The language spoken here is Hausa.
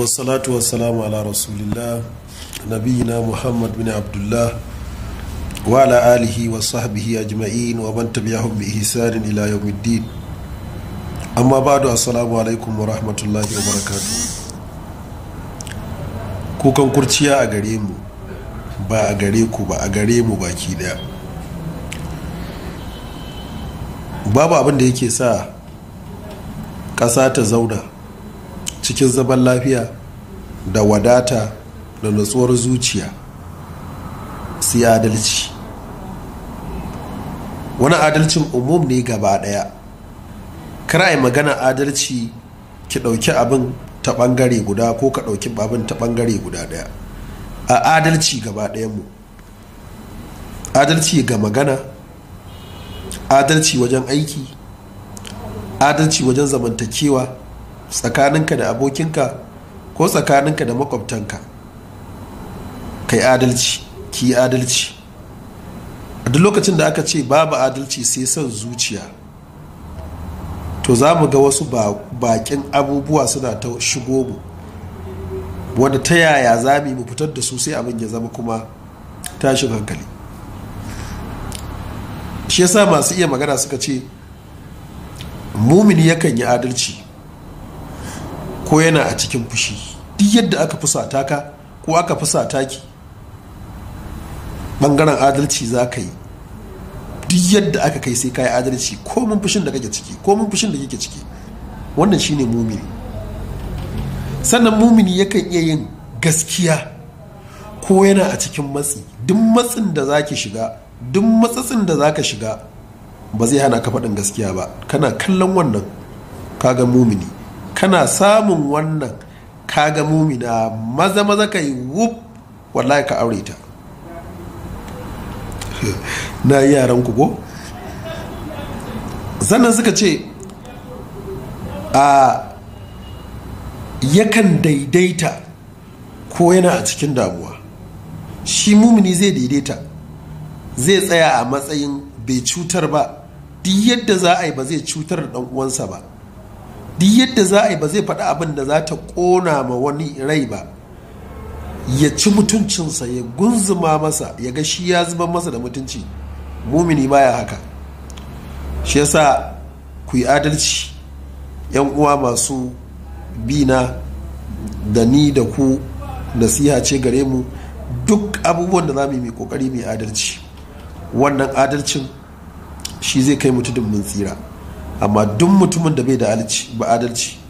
wasalatu wasalamu ala rasulillah nabiyina muhammad bin abdullah wa ala alihi wa sahbihi ajma'in wa man tabi'ahum bi ihsanin ila yawmiddin amma ba'du assalamu alaikum wa rahmatullahi wa barakatuh kukan kurciya a gare mu ba a gare ku ba a gare mu baki daya babu abin da yake sa ƙasa ta zauna cikin zaman lafiya da wadata da natsuwar zuciya su yi adalci wani adalcin umum ne gaba daya yi magana adalci ki ɗauki abin ta ɓangare guda ko ka ɗauki abin ta ɓangare guda daya a adalci gaba mu adalci ga magana adalci wajen aiki adalci wajen zamantakewa tsakaninka da abokinka ko tsakaninka da makwabtanka kai adalci ki adalci a duk lokacin da aka ce babu adalci sai son zuciya to za mu ga wasu bakin abubuwa suna ta shigo mu wanda ta yaya za mu fitar da su sai abin ya zama kuma tashin hankali shi yasa masu iya magana suka ce mumini yakan yi adalci ko yana a cikin fushi duk yadda aka fusata ka ko aka fusata ki bangaren adalci za ka yi duk yadda aka kai sai ka yi adalci ko mun fushin da kake ciki ko mun fushin da kake ciki wannan shine mumini sannan mumini yakan iya yin gaskiya ko yana a cikin matsi duk matsin da za ki shiga duk matsatsin da za ka shiga ba zai hana ka faɗin gaskiya ba kana kallon wannan kaga mumini kana samun wannan kaga ga mumina maza maza ka yi wuf wallahi ka aure ta na yi yaran ku ko sannan suka ce a yakan daidaita ko yana a cikin damuwa shi mumini zai daidaita zai tsaya a matsayin bai cutar ba duk yadda za a yi ba zai cutar da uwansa ba duk yadda za a yi ba zai faɗi abin da za ta ƙona ma wani rai ba ya ci mutuncinsa ya gunzuma masa ya ga shi ya zuba masa da mutunci mumini ya haka shi yasa ku yi adalci yan uwa masu bina da ni da ku nasiha ce gare mu duk abubuwan da za mu yi mai kokari mai adalci wannan adalcin shi zai kai mutu tudun tsira amma duk mutumin da bai da adalci ba adalci